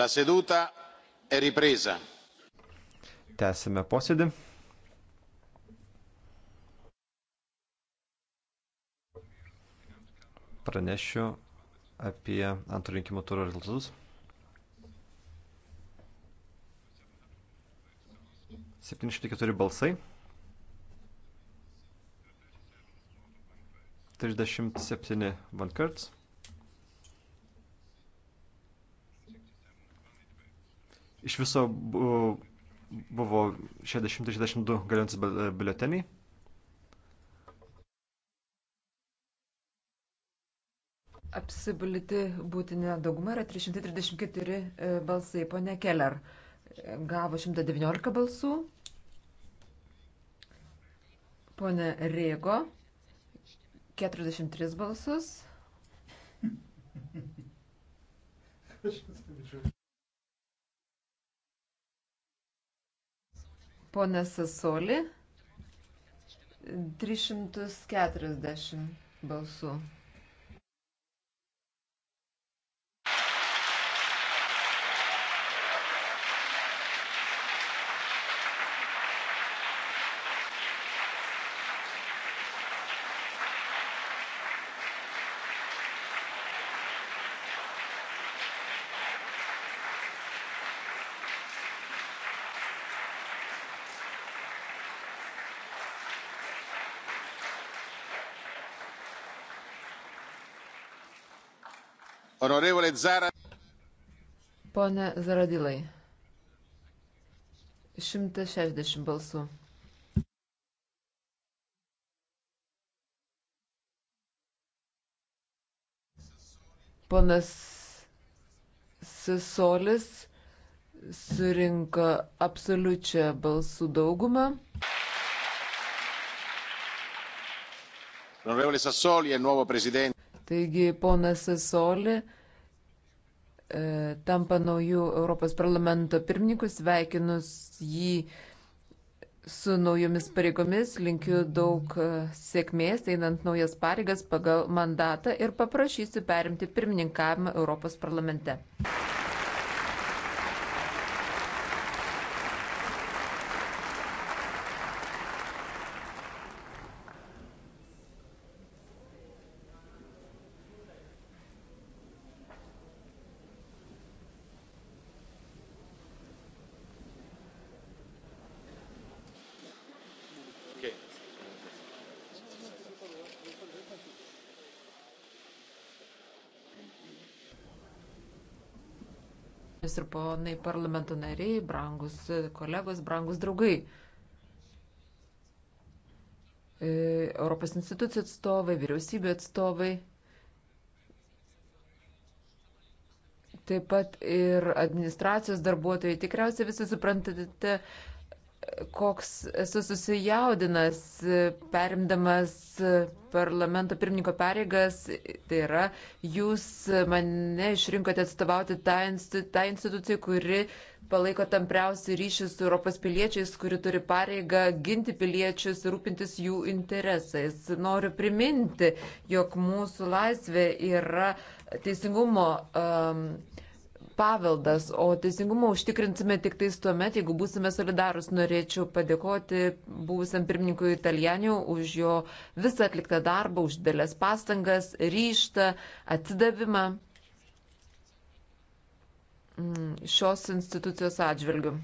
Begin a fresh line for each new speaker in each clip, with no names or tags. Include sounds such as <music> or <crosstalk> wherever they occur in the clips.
La seduta è e ripresa.
Tęsime posėdį. Pranešiu apie antrų rinkimų turų rezultatus. 704 balsai. 37 Van Kurtz. Iš viso buvo 662 galiojantis biuleteniai.
Apsibiliti būtinė dauguma yra 334 e, balsai. Pone Keller e, gavo 119 balsų. Pone Rėgo 43 balsus. <laughs> Ponas Sasoli 340 balsų.
Honorevole Zara.
Pone Zaradilai. 160 balsų. Ponas Sisolis surinko absoliučią balsų daugumą.
Onorevole Sassoli è il nuovo presidente.
Taigi ponas Soli e, tampa naujų Europos parlamento pirmininkų, sveikinus jį su naujomis pareigomis, linkiu daug e, sėkmės einant naujas pareigas pagal mandatą ir paprašysiu perimti pirmininkavimą Europos parlamente. ponios ir ponai parlamento nariai, brangus kolegos, brangus draugai. E, Europos institucijų atstovai, vyriausybių atstovai, taip pat ir administracijos darbuotojai. Tikriausiai visi suprantate, koks esu susijaudinęs, perimdamas parlamento pirmininko pareigas, tai yra, jūs mane išrinkote atstovauti tą, institu, tą instituciją, kuri palaiko tampriausi ryšį su Europos piliečiais, kuri turi pareigą ginti piliečius, rūpintis jų interesais. Noriu priminti, jog mūsų laisvė yra teisingumo. Um, paveldas, o teisingumą užtikrinsime tik tais tuo met, jeigu būsime solidarus. Norėčiau padėkoti buvusiam pirmininkui Italianiu už jo visą atliktą darbą, už dėlės pastangas, ryštą, atsidavimą mm, šios institucijos atžvilgiu.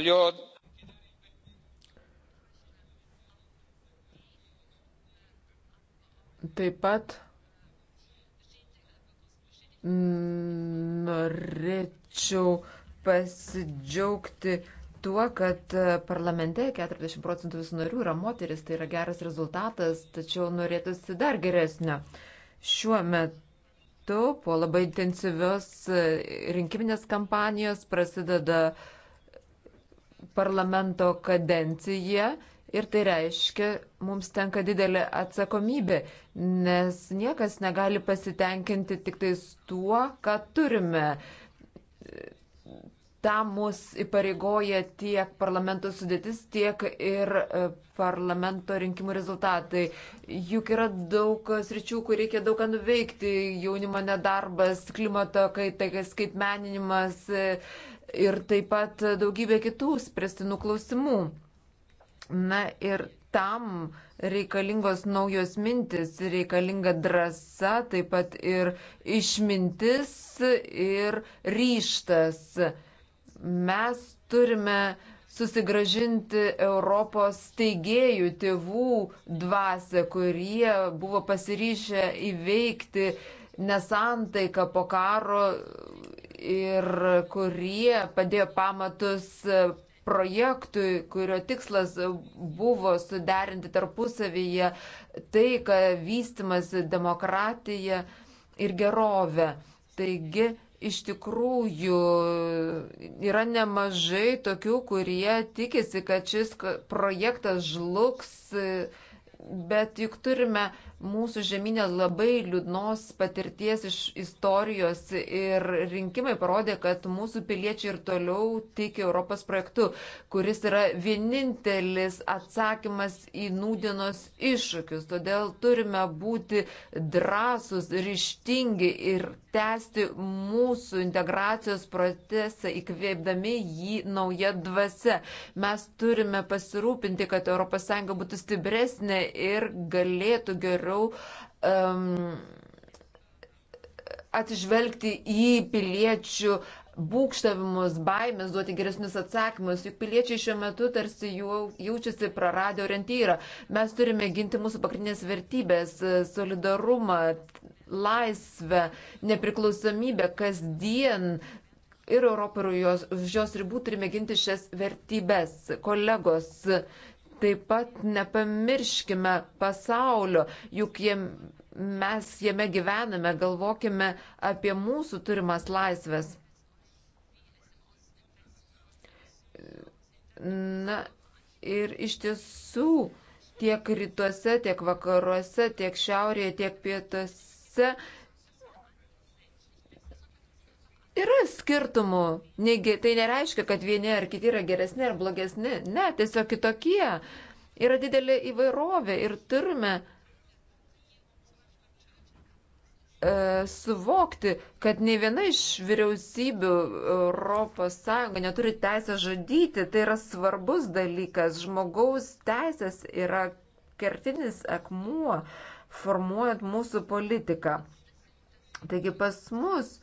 Voglio... Taip pat norėčiau pasidžiaugti tuo, kad parlamente 40 procentų visų narių yra moteris, tai yra geras rezultatas, tačiau norėtųsi dar geresnio. Šiuo metu po labai intensyvios rinkiminės kampanijos prasideda uh, parlamento kadenciją ir tai reiškia, mums tenka didelė atsakomybė, nes niekas negali pasitenkinti tik tais tuo, ką turime. Tam mus įpareigoja tiek parlamento sudėtis, tiek ir e, parlamento rinkimų rezultatai. Juk yra daug sričių, kur reikia daug ką nuveikti - jaunimo nedarbas, klimato kaita, skaitmeninimas, e, ir taip pat daugybė kitų spręstinų klausimų. Na ir tam reikalingos naujos mintis, reikalinga drąsa, taip pat ir išmintis ir ryštas. Mes turime susigražinti Europos steigėjų tėvų dvasę, kurie buvo pasiryšę įveikti nesantaiką po karo ir kurie padėjo pamatus projektui, kurio tikslas buvo suderinti tarpusavyje tai, ką vystimas demokratija ir gerovė. Taigi, iš tikrųjų yra nemažai tokių, kurie tikisi, kad šis projektas žlugs, bet juk turime mūsų žemynė labai liūdnos patirties iš istorijos ir rinkimai parodė, kad mūsų piliečiai ir toliau tiki Europos projektu, kuris yra vienintelis atsakymas į nūdienos iššūkius. Todėl turime būti drąsus, ryštingi ir tęsti mūsų integracijos procesą, įkvėpdami jį nauja dvasia. Mes turime pasirūpinti, kad ES būtų stipresnė ir galėtų geriau um, atsižvelgti į piliečių būkštavimus, baimės, duoti geresnius atsakymus, juk piliečiai šiuo metu tarsi jau jaučiasi praradę orientyrą. Mes turime ginti mūsų pagrindinės vertybės - solidarumą, laisvę, nepriklausomybę kasdien. Ir Europą ir jos, už jos ribų turime ginti šias vertybės. Kolegos, taip pat nepamirškime pasaulio, juk jiem, mes jame gyvename, galvokime apie mūsų turimas laisvės. Na ir iš tiesų tiek rytuose, tiek vakaruose, tiek šiaurėje, tiek pietuose narėse yra skirtumų. Negi tai nereiškia, kad vieni ar kiti yra geresni ar blogesni. Ne, tiesiog kitokie. Yra didelė įvairovė ir turime e, suvokti, kad nei viena iš vyriausybių ES neturi teisę žudyti. Tai yra svarbus dalykas. Žmogaus teisės yra kertinis akmuo. E, formuojant mūsų politiką. Taigi pas mus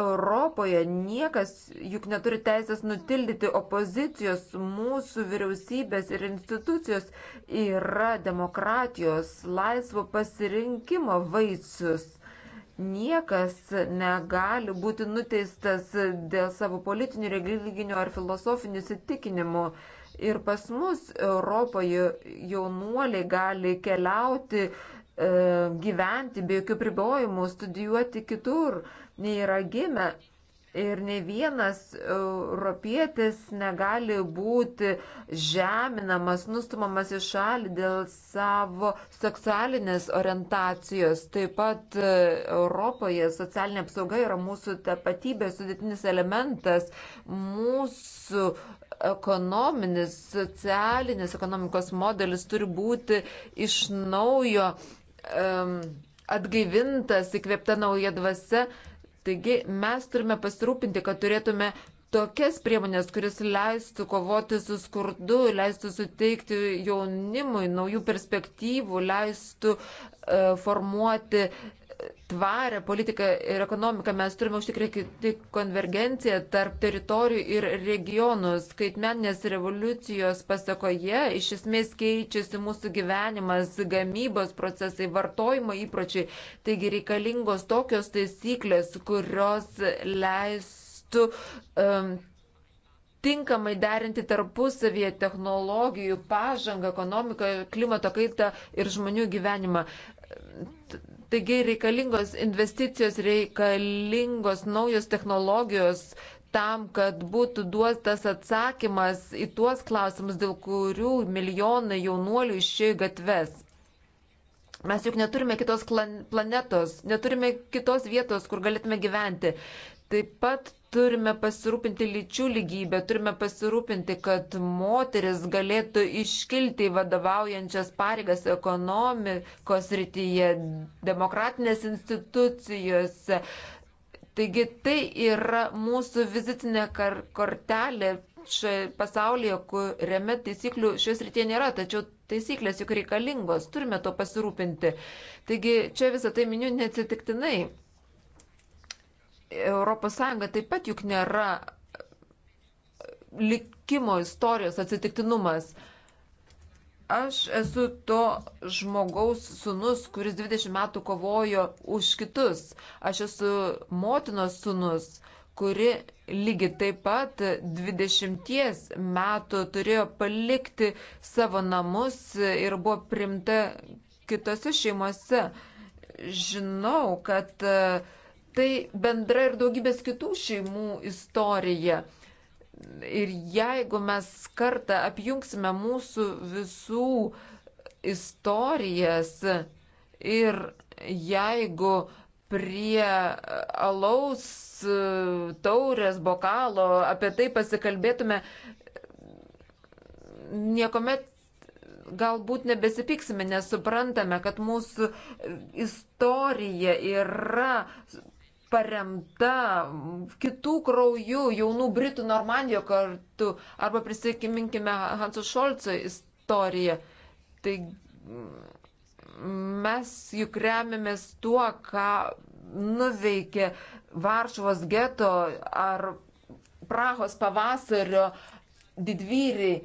Europoje niekas juk neturi teisės nutildyti opozicijos, mūsų vyriausybės ir institucijos yra demokratijos laisvo pasirinkimo vaisius. Niekas negali būti nuteistas dėl savo politinių, religinių ar filosofinių įsitikinimų. Ir pas mus Europoje jaunuoliai gali keliauti E, gyventi be jokių pribojimų, studijuoti kitur, nei yra gimę. Ir ne vienas europietis negali būti žeminamas, nustumamas į šalį dėl savo seksualinės orientacijos. Taip pat e, Europoje socialinė apsauga yra mūsų tapatybės sudėtinis elementas, mūsų ekonominis, socialinis ekonomikos modelis turi būti iš naujo um, atgaivintas, įkvėpta nauja dvasia. Taigi mes turime pasirūpinti, kad turėtume tokias priemonės, kuris leistų kovoti su skurdu, leistų suteikti jaunimui naujų perspektyvų, leistų e, formuoti tvarę politiką ir ekonomiką mes turime užtikrinti konvergenciją tarp teritorijų ir regionų. Skaitmeninės revoliucijos pasakoje iš esmės keičiasi mūsų gyvenimas, gamybos procesai, vartojimo įpročiai. Taigi reikalingos tokios taisyklės, kurios leistų. Um, tinkamai derinti tarpusavyje technologijų, pažangą, ekonomiką, klimato kaitą ir žmonių gyvenimą Taigi reikalingos investicijos, reikalingos naujos technologijos tam, kad būtų duotas atsakymas į tuos klausimus, dėl kurių milijonai jaunuolių išėjo gatves. Mes juk neturime kitos planetos, neturime kitos vietos, kur galėtume gyventi. Taip pat turime pasirūpinti lyčių lygybę, turime pasirūpinti, kad moteris galėtų iškilti vadovaujančias pareigas ekonomikos rytyje, demokratinės institucijose. Taigi tai yra mūsų vizitinė kortelė pasaulyje, kuriame taisyklių šios rytie nėra, tačiau taisyklės juk reikalingos, turime to pasirūpinti. Taigi čia visą tai miniu neatsitiktinai. ES taip pat juk nėra likimo istorijos atsitiktinumas. Aš esu to žmogaus sunus, kuris 20 metų kovojo už kitus. Aš esu motinos sunus, kuri lygiai taip pat 20 metų turėjo palikti savo namus ir buvo primta kitose šeimose. Žinau, kad uh, Tai bendra ir daugybės kitų šeimų istorija. Ir jeigu mes kartą apjungsime mūsų visų istorijas ir jeigu prie alaus taurės bokalo apie tai pasikalbėtume, niekuomet galbūt nebesipiksime, nes suprantame, kad mūsų istorija yra paremta kitų kraujų jaunų Britų Normandijo kartu, arba prisikiminkime Hanso Šolco istoriją. Tai mm, mes juk remiamės tuo, ką nuveikė Varšuvos geto ar Prahos pavasario didvyriai.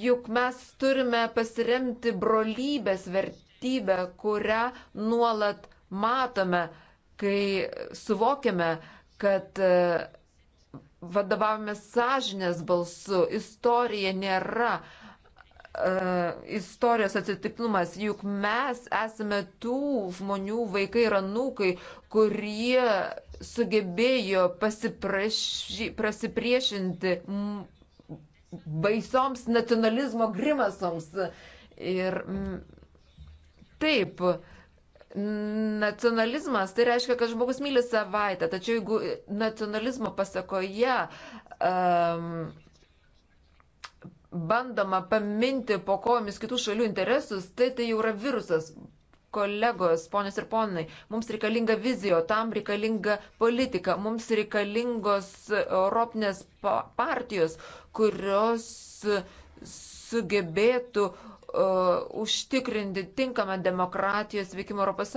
Juk mes turime pasiremti brolybės vertybę, kurią nuolat matome kai suvokiame, kad e, vadovavome sąžinės balsu, istorija nėra uh, istorijos atsitiklumas, juk mes esame tų žmonių vaikai ir anūkai, kurie sugebėjo pasipriešinti baisoms nacionalizmo grimasoms. Ir m, taip, uh, nacionalizmas, tai reiškia, kad žmogus myli savaitę, tačiau jeigu nacionalizmo pasakoje um, bandoma paminti po kojomis kitų šalių interesus, tai tai jau yra virusas. Kolegos, ponios ir ponai, mums reikalinga vizijo, tam reikalinga politika, mums reikalingos europinės partijos, kurios sugebėtų uh, uh, užtikrinti tinkamą demokratijos veikimą ES.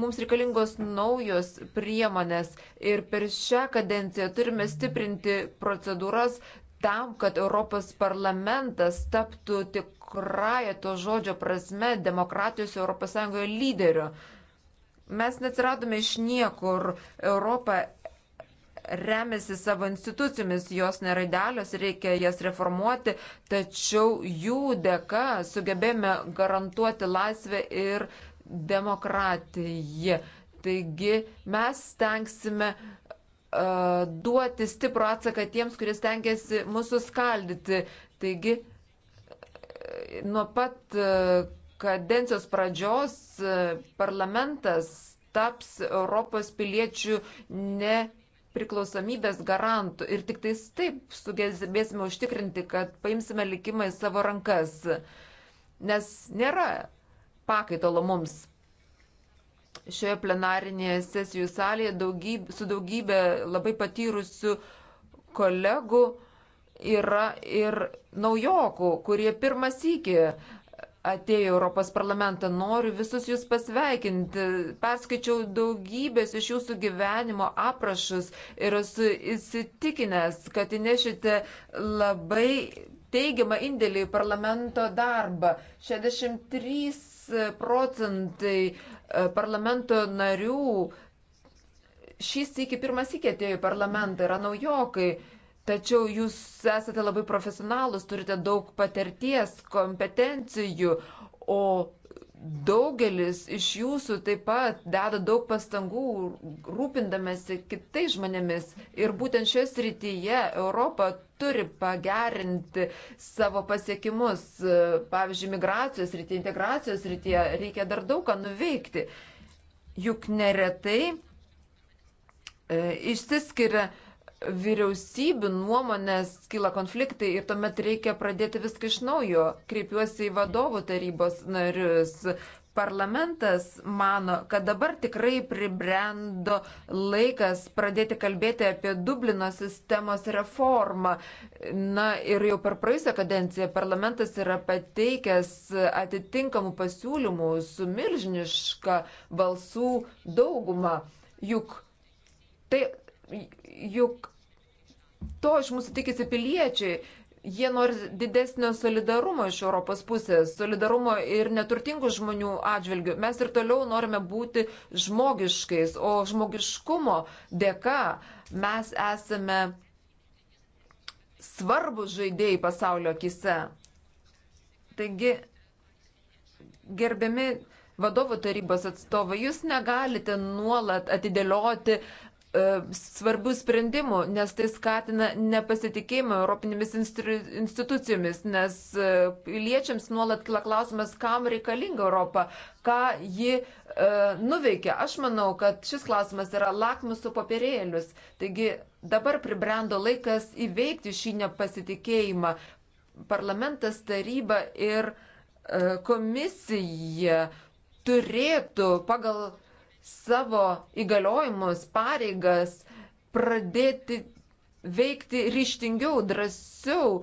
Mums reikalingos naujos priemonės ir per šią kadenciją turime stiprinti procedūras tam, kad Europos parlamentas taptų tikrąją to žodžio prasme demokratijos ES lyderiu. Mes neatsiradome iš niekur. Europa remiasi savo institucijomis, jos nėra idealios, reikia jas reformuoti, tačiau jų dėka sugebėjome garantuoti laisvę ir demokratiją. Taigi mes tenksime uh, e, duoti stiprų atsaką tiems, kurie stengiasi mūsų skaldyti. Taigi e, nuo pat uh, kadencijos pradžios uh, parlamentas taps Europos piliečių ne priklausomybės garantų ir tik tais taip sugebėsime užtikrinti, kad paimsime likimą į savo rankas, nes nėra pakaitalo mums. Šioje plenarinėje sesijų salėje daugybė, su daugybė labai patyrusių kolegų yra ir naujokų, kurie pirmas įkį atėjo Europos parlamentą. Noriu visus jūs pasveikinti. Perskaičiau daugybės iš jūsų gyvenimo aprašus ir esu įsitikinęs, kad įnešite labai teigiamą indėlį į parlamento darbą. 63 procentai e, parlamento narių šį sėki pirmą sėkį atėjo į parlamentą, yra naujokai. Tačiau jūs esate labai profesionalus, turite daug patirties, kompetencijų, o daugelis iš jūsų taip pat deda daug pastangų rūpindamėsi kitais žmonėmis. Ir būtent šioje srityje Europa turi pagerinti savo pasiekimus. Pavyzdžiui, migracijos srityje, integracijos srityje reikia dar daug ką nuveikti. Juk neretai e, išsiskiria e, vyriausybių nuomonės kyla konfliktai ir tuomet reikia pradėti viską iš naujo. Kreipiuosi į vadovų tarybos narius. Parlamentas mano, kad dabar tikrai pribrendo laikas pradėti kalbėti apie Dublino sistemos reformą. Na ir jau per praeisę kadenciją parlamentas yra pateikęs atitinkamų pasiūlymų su milžiniška balsų dauguma. Juk tai juk to iš mūsų tikisi piliečiai. Jie nori didesnio solidarumo iš Europos pusės, solidarumo ir neturtingų žmonių atžvilgių. Mes ir toliau norime būti žmogiškais, o žmogiškumo dėka mes esame svarbus žaidėjai pasaulio akise. Taigi, gerbiami vadovų tarybos atstovai, jūs negalite nuolat atidėlioti uh, E, svarbių sprendimų, nes tai skatina nepasitikėjimą Europinėmis institucijomis, nes e, piliečiams nuolat kila klausimas, kam reikalinga Europa, ką ji e, nuveikia. Aš manau, kad šis klausimas yra lakmusų papirėlius. Taigi dabar pribrendo laikas įveikti šį nepasitikėjimą. Parlamentas, taryba ir e, komisija turėtų pagal savo įgaliojimus, pareigas, pradėti veikti ryštingiau, drąsiau.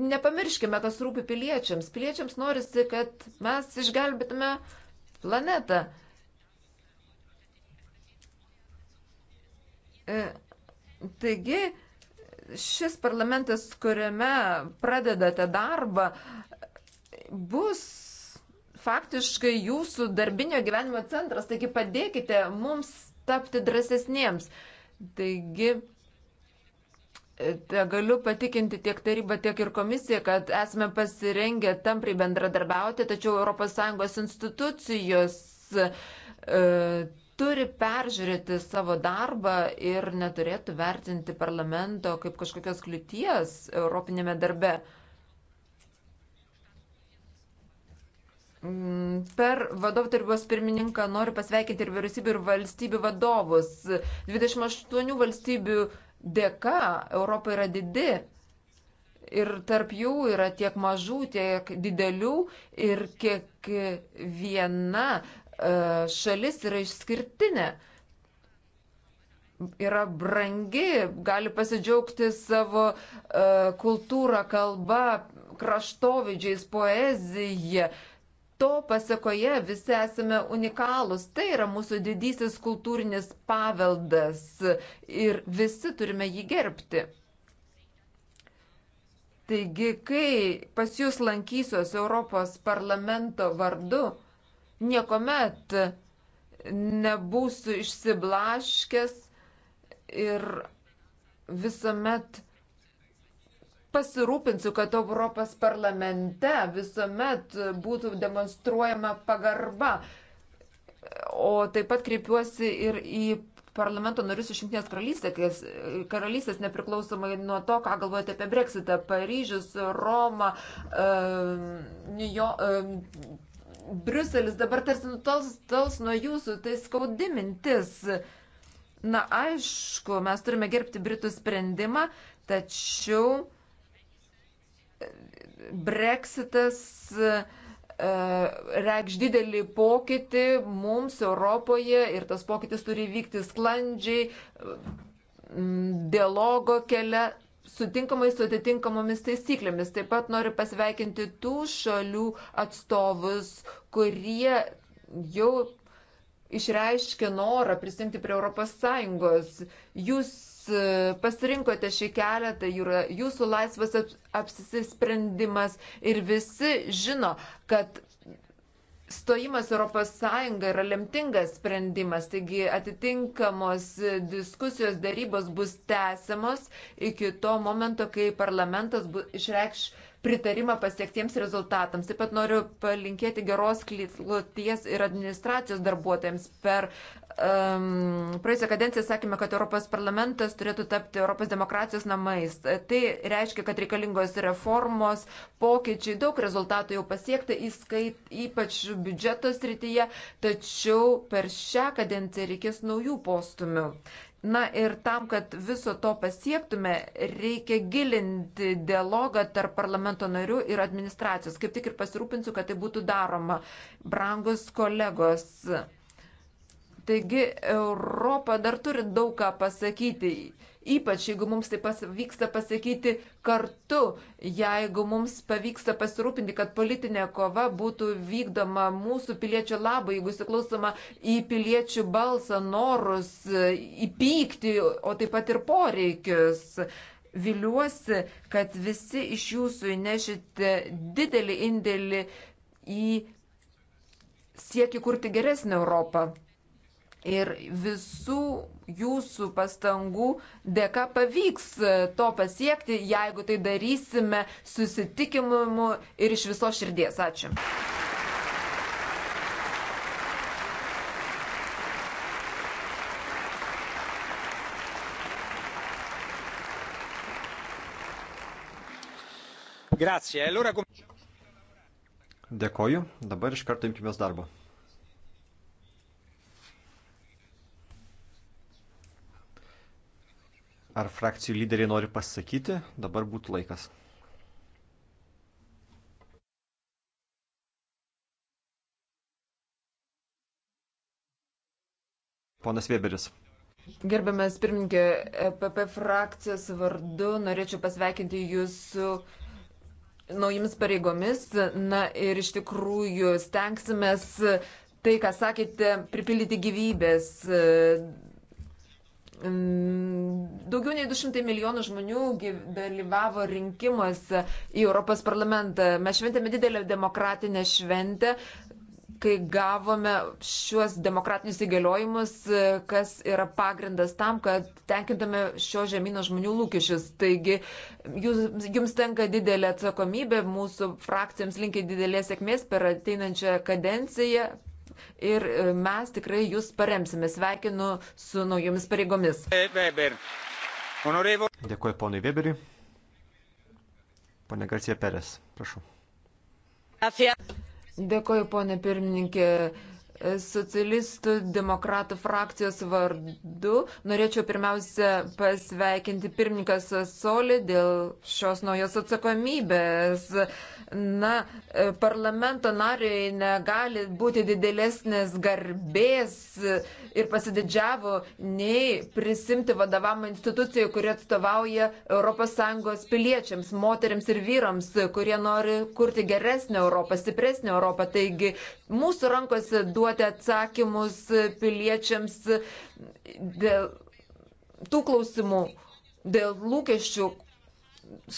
Nepamirškime, kas rūpi piliečiams. Piliečiams norisi, kad mes išgelbėtume planetą. E, taigi, šis parlamentas, kuriame pradedate darbą, bus faktiškai jūsų darbinio gyvenimo centras, taigi padėkite mums tapti drąsesniems. Taigi, te galiu patikinti tiek tarybą, tiek ir komisiją, kad esame pasirengę tampriai bendradarbiauti, tačiau ES institucijos e, turi peržiūrėti savo darbą ir neturėtų vertinti parlamento kaip kažkokios kliūties Europinėme darbe. Mm, per vadovų tarybos pirmininką noriu pasveikinti ir vyriausybių, ir valstybių vadovus. 28 valstybių dėka Europa yra didi. Ir tarp jų yra tiek mažų, tiek didelių ir kiekviena e, šalis yra išskirtinė yra brangi, gali pasidžiaugti savo e, kultūrą, kalbą, kraštovidžiais, poeziją, To pasakoje visi esame unikalūs, tai yra mūsų didysis kultūrinis paveldas ir visi turime jį gerbti. Taigi, kai pas jūs lankysiuos Europos parlamento vardu, niekuomet nebūsiu išsiblaškęs ir visuomet pasirūpinsiu, kad Europos parlamente visuomet būtų demonstruojama pagarba. O taip pat kreipiuosi ir į parlamento narius iš Junktinės karalystės, karalystės nepriklausomai nuo to, ką galvojate apie Brexitą. Paryžius, Roma, uh, New York. Uh, Briuselis dabar tarsi nutols nuo jūsų, tai skaudi mintis. Na, aišku, mes turime gerbti Britų sprendimą, tačiau uh, Brexitas e, reikš didelį pokytį mums Europoje ir tas pokytis turi vykti sklandžiai, dialogo kelią, sutinkamai su atitinkamomis taisyklėmis. Taip pat noriu pasveikinti tų šalių atstovus, kurie jau išreiškė norą prisimti prie ES. Jūs pasirinkote šį kelią, tai yra jūsų laisvas apsisprendimas ir visi žino, kad stojimas Europos Sąjunga yra lemtingas sprendimas, taigi atitinkamos diskusijos darybos bus tęsiamos iki to momento, kai parlamentas bu, išreikš pritarimą pasiektiems rezultatams. Taip pat noriu palinkėti geros kloties ir administracijos darbuotojams per um, praėjusią kadenciją sakėme, kad Europos parlamentas turėtų tapti Europos demokratijos namais. Tai reiškia, kad reikalingos reformos, pokyčiai, daug rezultatų jau pasiekta, įskait, ypač biudžeto srityje, tačiau per šią kadenciją reikės naujų postumių. Na ir tam, kad viso to pasiektume, reikia gilinti dialogą tarp parlamento narių ir administracijos. Kaip tik ir pasirūpinsiu, kad tai būtų daroma. Brangus kolegos, Taigi Europa dar turi daug ką pasakyti, ypač jeigu mums tai pavyksta pasakyti kartu, jeigu mums pavyksta pasirūpinti, kad politinė kova būtų vykdoma mūsų piliečių labai, jeigu įsiklausoma į piliečių balsą, norus, į pyktį, o taip pat ir poreikius. Viliuosi, kad visi iš jūsų nešite didelį indėlį į siekį kurti geresnę Europą. Ir visų jūsų pastangų dėka pavyks e, to pasiekti, jeigu tai darysime susitikimu ir iš viso širdies. Ačiū.
Grazie.
Dėkoju. Dabar iš karto imkime darbo. Ar frakcijų lyderiai nori pasakyti? Dabar būtų laikas. Ponas Weberis.
Gerbiamas pirmininkė, PP e frakcijos vardu norėčiau pasveikinti jūs su naujomis pareigomis. Na ir iš tikrųjų stengsimės tai, ką sakėte, pripildyti gyvybės Mm, daugiau nei 200 milijonų žmonių dalyvavo rinkimuose į Europos parlamentą. Mes šventėme didelę demokratinę šventę, kai gavome šiuos demokratinius įgaliojimus, kas yra pagrindas tam, kad tenkintume šio žemino žmonių lūkesčius. Taigi jūs, jums tenka didelė atsakomybė, mūsų frakcijams linkia didelės sėkmės per ateinančią kadenciją, ir e, mes tikrai jūs paremsime. Sveikinu su naujomis pareigomis.
Dėkuoju ponui Weberiui. Pone Garcija Perės, prašau.
Dėkuoju, ponė pirmininkė socialistų demokratų frakcijos vardu. Norėčiau pirmiausia pasveikinti pirmininką Sasolį dėl šios naujos atsakomybės. Na, parlamento nariai negali būti didelesnės garbės ir pasididžiavo nei prisimti vadovamą instituciją, kuri atstovauja ES piliečiams, moteriams ir vyrams, kurie nori kurti geresnę Europą, stipresnę Europą. Taigi, mūsų rankose duoti duoti atsakymus piliečiams dėl tų klausimų, dėl lūkesčių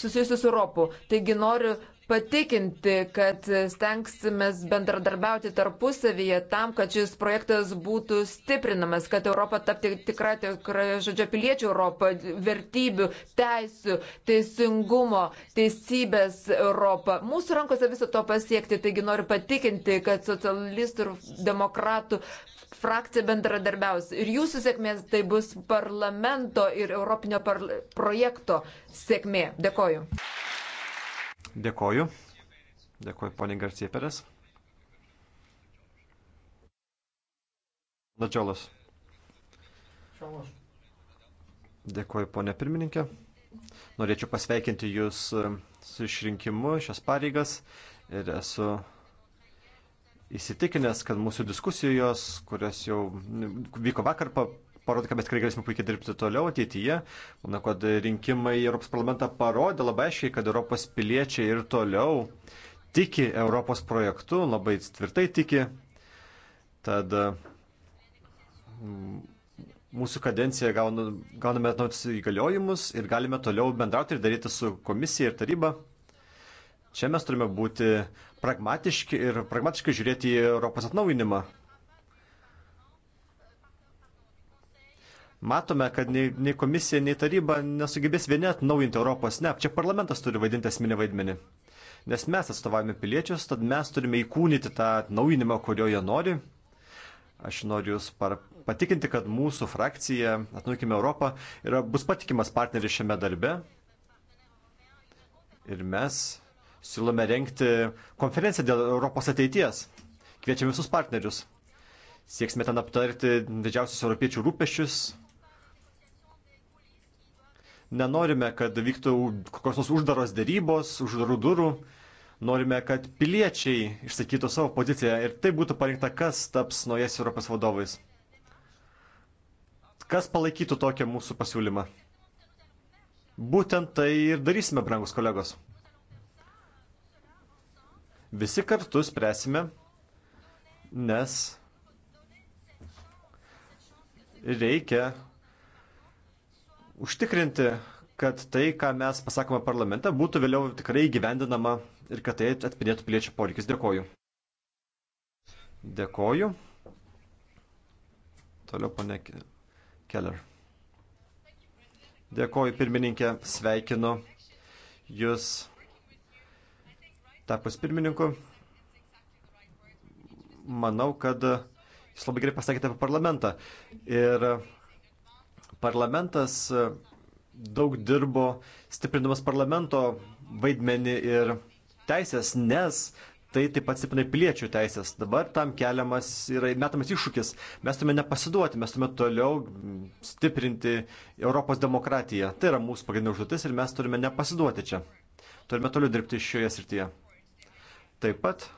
susijusius su Europu. Taigi noriu patikinti, kad stengsime bendradarbiauti tarpusavyje tam, kad šis projektas būtų stiprinamas, kad Europa tapti tikra, tikra žodžio piliečių Europą, vertybių, teisų, teisingumo, teisybės Europą. Mūsų rankose viso to pasiekti, taigi noriu patikinti, kad socialistų ir demokratų frakcija bendradarbiaus. Ir jūsų sėkmės tai bus parlamento ir Europinio parla projekto sėkmė. Dėkoju.
Dėkoju. Dėkoju, ponė Garcieperes. Nadžiolas. Dėkoju, ponė pirmininkė. Norėčiau pasveikinti Jūs e, su išrinkimu šias pareigas ir esu įsitikinęs, kad mūsų diskusijos, kurios jau vyko vakar po parodė, kad mes tikrai galėsime puikiai dirbti toliau ateityje. Manau, kad rinkimai į Europos parlamentą parodė labai aiškiai, kad Europos piliečiai ir toliau tiki Europos projektu, labai tvirtai tiki. Tad mm, mūsų kadencija gauname atnaujus įgaliojimus ir galime toliau bendrauti ir daryti su komisija ir taryba. Čia mes turime būti pragmatiški ir pragmatiškai žiūrėti į Europos atnaujinimą. Matome, kad nei, nei komisija, nei taryba nesugebės vieni atnaujinti Europos. Ne, čia parlamentas turi vaidinti esminį vaidmenį. Nes mes atstovavome piliečius, tad mes turime įkūnyti tą atnaujinimą, kurio jie nori. Aš noriu Jūs par, patikinti, kad mūsų frakcija Atnaujikime Europą yra, bus patikimas partneris šiame darbe. Ir mes siūlome renkti konferenciją dėl Europos ateities. Kviečiame visus partnerius. Sieksime ten aptarti didžiausius europiečių rūpešius, Nenorime, kad vyktų kokios nors uždaros dėrybos, uždarų durų. Norime, kad piliečiai išsakytų savo poziciją ir tai būtų parinkta, kas taps naujas Europos vadovais. Kas palaikytų tokią mūsų pasiūlymą? Būtent tai ir darysime, brangus kolegos. Visi kartu spręsime, nes reikia užtikrinti, kad tai, ką mes pasakome parlamente, būtų vėliau tikrai gyvendinama ir kad tai atspindėtų piliečių poreikis. Dėkoju. Dėkoju. Toliau ponė Keller. Dėkoju pirmininkė, sveikinu Jūs tapus pirmininku. Manau, kad Jūs labai gerai pasakėte apie parlamentą. Ir Parlamentas e, daug dirbo stiprindamas parlamento vaidmenį ir teisės, nes tai taip pat stiprina piliečių teisės. Dabar tam keliamas yra metamas iššūkis. Mes turime nepasiduoti, mes turime toliau stiprinti Europos demokratiją. Tai yra mūsų pagrindinė užduotis ir mes turime nepasiduoti čia. Turime toliau dirbti šioje srityje. Taip pat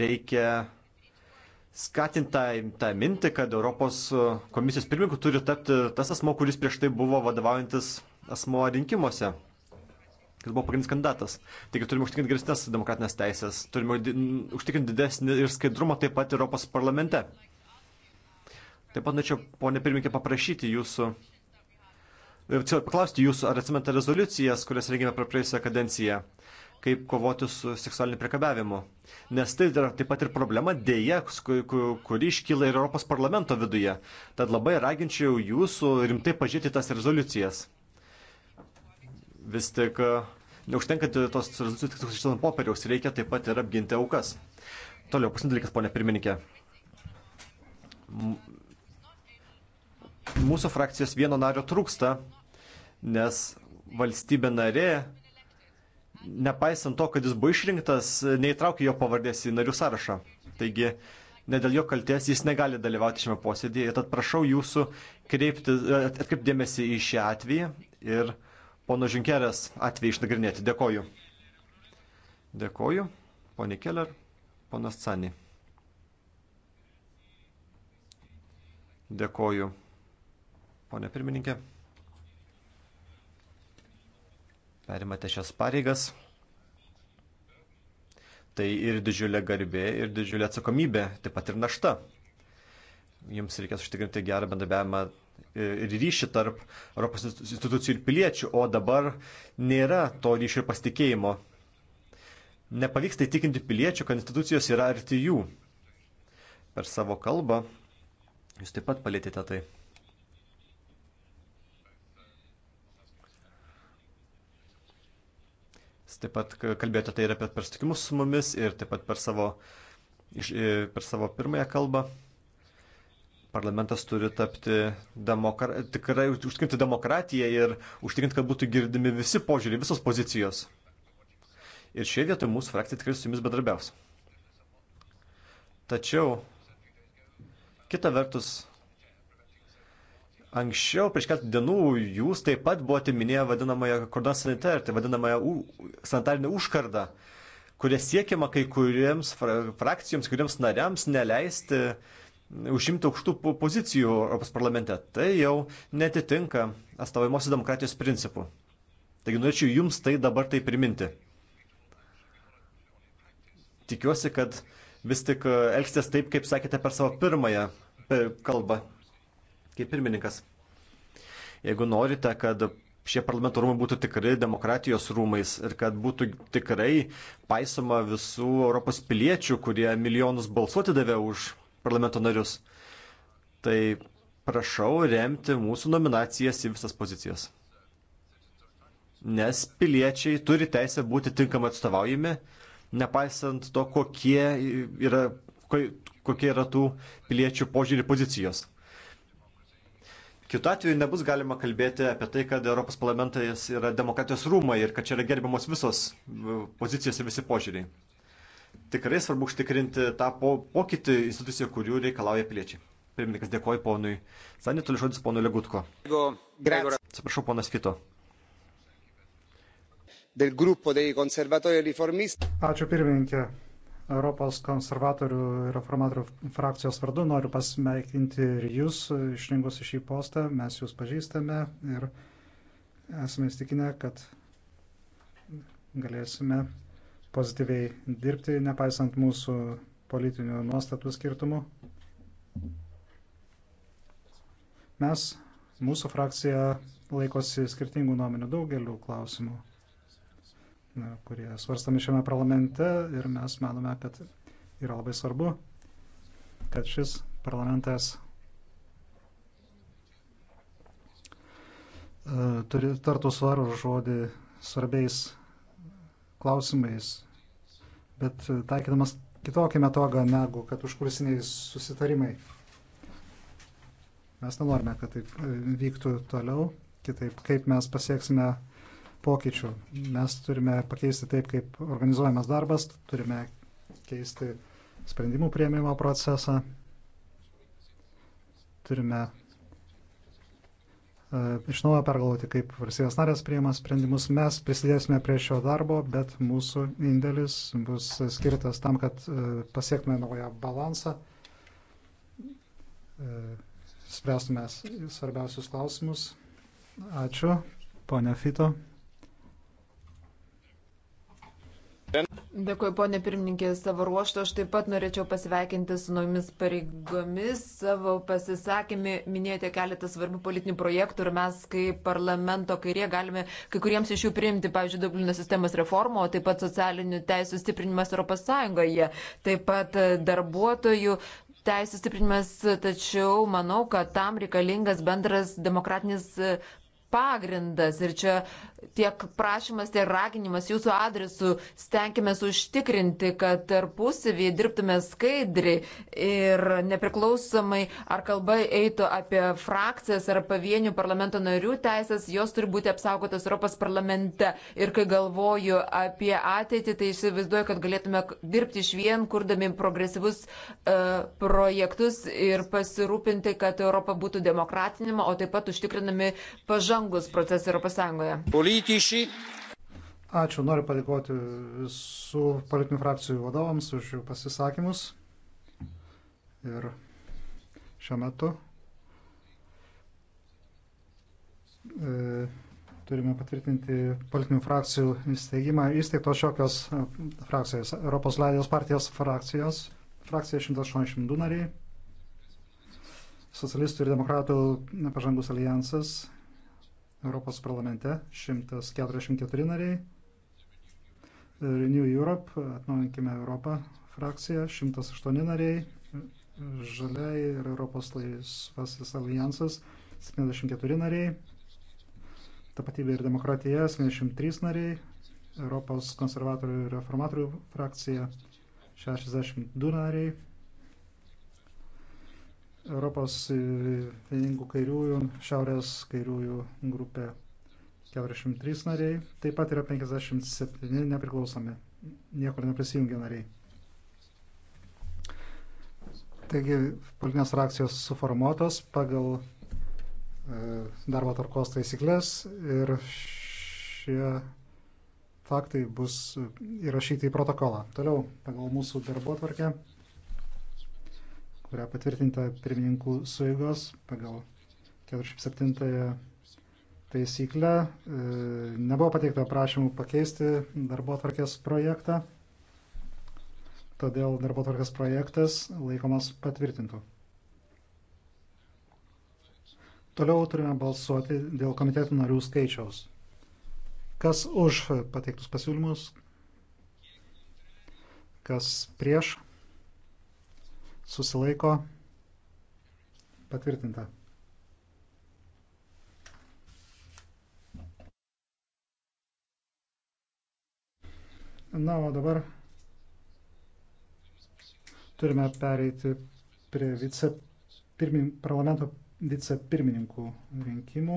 reikia skatinti tą mintį, kad Europos e, komisijos pirmininku turi tapti tas asmo, kuris prieš tai buvo vadovaujantis asmo rinkimuose, kas buvo pagrindinis kandidatas. Taigi turime užtikrinti geresnės demokratinės teisės, turime užtikrinti didesnį ir skaidrumą taip pat Europos parlamente. Taip pat norėčiau, ponė pirmininkė, paprašyti jūsų, paklausti jūsų, ar atsimenate rezoliucijas, kurias rengėme per praėjusią kadenciją kaip kovoti su seksualiniu priekabiavimu. Nes tai yra taip pat ir problema dėja, kuri iškyla ir Europos parlamento viduje. Tad labai raginčiau jūsų rimtai pažiūrėti tas rezoliucijas. Vis tik e, neužtenka tos rezoliucijos tik užsitant popieriaus, reikia taip pat ir apginti aukas. Toliau, paskutinis dalykas, ponė pirmininkė. Mūsų frakcijos vieno nario trūksta, nes valstybė narė nepaisant to, kad jis buvo išrinktas, neįtraukė jo pavardės į narių sąrašą. Taigi, ne dėl jo kalties jis negali dalyvauti šiame posėdėje. Tad prašau jūsų kreipti, atkreipti dėmesį į šį atvejį ir pono Žinkerės atvejį išnagrinėti. Dėkoju. Dėkoju, ponė Keller, ponas Cani. Dėkoju, ponė pirmininkė. perimate šias pareigas. Tai ir didžiulė garbė, ir didžiulė atsakomybė, taip pat ir našta. Jums reikės užtikrinti gerą bendrabiavimą e, ir ryšį tarp Europos institucijų ir piliečių, o dabar nėra to ryšio ir pasitikėjimo. Nepavyksta įtikinti piliečių, kad institucijos yra arti jų. Per savo kalbą jūs taip pat palėtėte tai. taip pat kalbėjote tai ir apie persitikimus su mumis, ir taip pat per savo, e, per savo pirmąją kalbą. Parlamentas turi tapti demokra tikrai užtikrinti demokratiją ir užtikrinti, kad būtų girdimi visi požiūriai, visos pozicijos. Ir šioje vietoje mūsų frakcija tikrai su jumis bedarbiaus. Tačiau, kita vertus, Anksčiau, prieš keletą dienų, jūs taip pat buvote minėję vadinamąją kordoną sanitarį, tai vadinamąją u, sanitarinę užkardą, kuria siekiama kai kuriems frakcijoms, kai kuriems nariams neleisti užimti aukštų pozicijų Europos parlamente. Tai jau netitinka atstovaimosios demokratijos principų. Taigi norėčiau jums tai dabar tai priminti. Tikiuosi, kad vis tik e, elgsitės taip, kaip sakėte per savo pirmąją kalbą kaip pirmininkas. Jeigu norite, kad šie parlamento rūmai būtų tikrai demokratijos rūmais ir kad būtų tikrai paisoma visų Europos piliečių, kurie milijonus balsuoti davė už parlamento narius, tai prašau remti mūsų nominacijas į visas pozicijas. Nes piliečiai turi teisę būti tinkamai atstovaujami, nepaisant to, kokie yra, kokie yra tų piliečių požiūrį pozicijos. Kitu atveju nebus galima kalbėti apie tai, kad Europos parlamentas yra demokratijos rūmai ir kad čia yra gerbiamos visos pozicijos ir visi požiūriai. Tikrai svarbu užtikrinti tą po, pokytį instituciją, kurių reikalauja piliečiai. Pirmininkas dėkoju ponui Sanitoliu žodis ponui Legutko. Atsiprašau, ponas Fito. E
Ačiū pirmininkė. Europos konservatorių ir reformatorių frakcijos vardu noriu pasmeikinti ir jūs, išrinkus į šį postą. Mes jūs pažįstame ir esame įstikinę, kad galėsime pozityviai dirbti, nepaisant mūsų politinių nuostatų skirtumų. Mes, mūsų frakcija, laikosi skirtingų nuomonių daugeliu klausimų kurie svarstami šiame parlamente ir mes manome, kad yra labai svarbu, kad šis parlamentas e, turi tartų svarų žodį svarbiais klausimais, bet taikydamas kitokį metodą negu kad užkursiniai susitarimai. Mes nenorime, kad taip e, vyktų toliau, kitaip kaip mes pasieksime pokyčių. Mes turime pakeisti taip, kaip organizuojamas darbas, turime keisti sprendimų prieimimo procesą, turime uh, iš naujo pergalvoti, kaip valstybės narės prieima sprendimus. Mes prisidėsime prie šio darbo, bet mūsų indėlis bus skirtas tam, kad uh, pasiektume naują balansą. Uh, spręstume svarbiausius klausimus. Ačiū, ponia Fito.
Dėkuoju, ponė pirmininkė, savo ruoštą. Aš taip pat norėčiau pasveikinti su naujomis pareigomis. Savo pasisakymį minėjote keletą svarbių politinių projektų ir mes kaip parlamento kairė galime kai kuriems iš jų priimti, pavyzdžiui, Dublino sistemos reformą, o taip pat socialinių teisų stiprinimas ES, taip pat darbuotojų teisų stiprinimas, tačiau manau, kad tam reikalingas bendras demokratinis pagrindas ir čia tiek prašymas, tiek raginimas jūsų adresu stenkime užtikrinti, kad tarpusavį dirbtume skaidriai ir nepriklausomai, ar kalba eitų apie frakcijas ar pavienių parlamento narių teisės, jos turi būti apsaugotas Europos parlamente. Ir kai galvoju apie ateitį, tai įsivaizduoju, kad galėtume dirbti iš vien, kurdami progresyvus uh, projektus ir pasirūpinti, kad Europa būtų demokratinima, o taip pat užtikrinami pažangų pažangus procesai Europos Sąjungoje.
Politiši. Ačiū, noriu padėkoti visų politinių frakcijų vadovams už jų pasisakymus. Ir šiuo metu e, turime patvirtinti politinių frakcijų įsteigimą. Įsteigtos šiokios e, frakcijos. Europos Liaudės partijos frakcijos. Frakcija 182 nariai. Socialistų ir demokratų pažangus alijansas Europos parlamente 144 nariai. Renew Europe, atnaujinkime Europą frakcija, 108 nariai. Žaliai ir Europos laisvasis alijansas 74 nariai. Tapatybė ir demokratija 73 nariai. Europos konservatorių ir reformatorių frakcija 62 nariai. Europos e, vieningų kairiųjų, šiaurės kairiųjų grupė 43 nariai, taip pat yra 57 nepriklausomi, niekur neprisijungia nariai. Taigi, politinės frakcijos suformuotos pagal e, darbo tarkos taisyklės ir šie faktai bus e, įrašyti į protokolą. Toliau, pagal mūsų darbo tvarkę kurią patvirtinta pirmininkų suėgos pagal 47 taisyklę. E, nebuvo pateikta prašymų pakeisti darbo atvarkės projektą, todėl darbo atvarkės projektas laikomas patvirtintų. Toliau turime balsuoti dėl komitetų narių skaičiaus. Kas už pateiktus pasiūlymus? Kas prieš? susilaiko, patvirtinta. Na, o dabar turime pereiti prie vice, pirmin, parlamento vicepirmininkų rinkimų.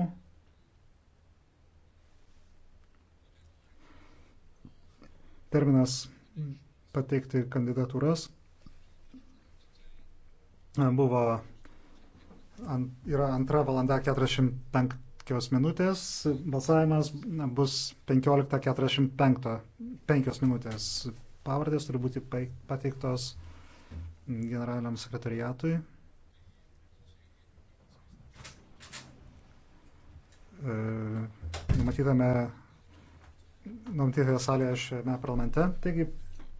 Terminas pateikti kandidatūras buvo ant, yra antra valanda 45 minutės, balsavimas bus 15.45 minutės. Pavardės turi būti pateiktos generaliniam sekretariatui. E, numatytame, numatytame salėje šiame parlamente. Taigi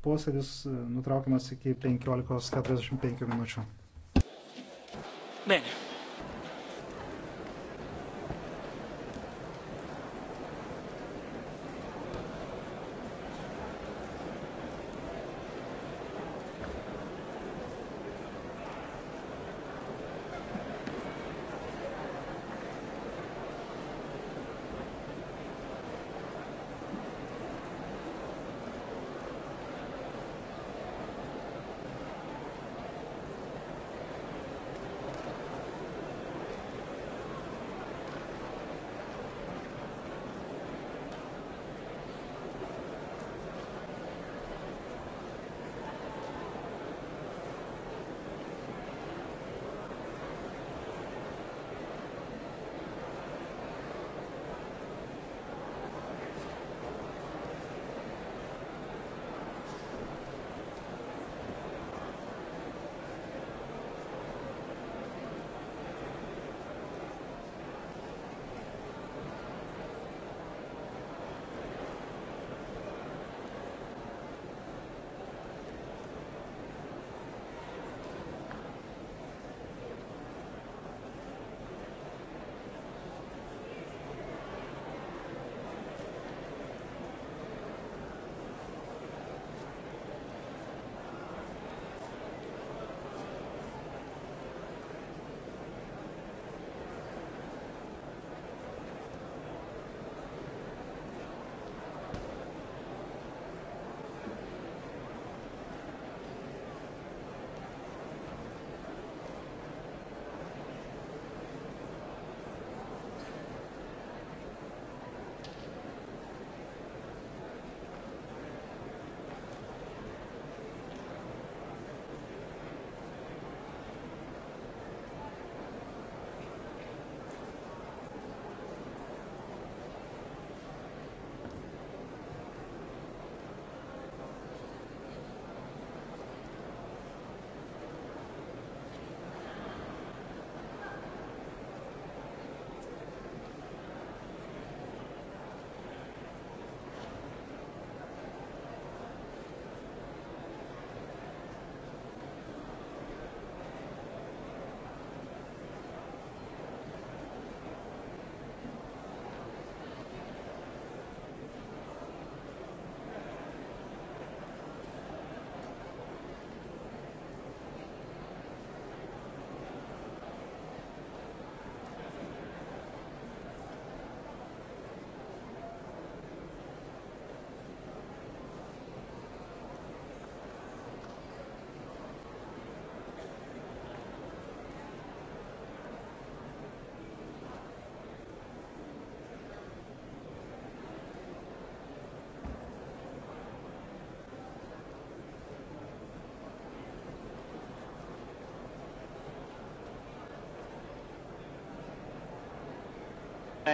posėdis e, nutraukiamas iki 15.45 minučių bene.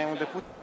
unde putem.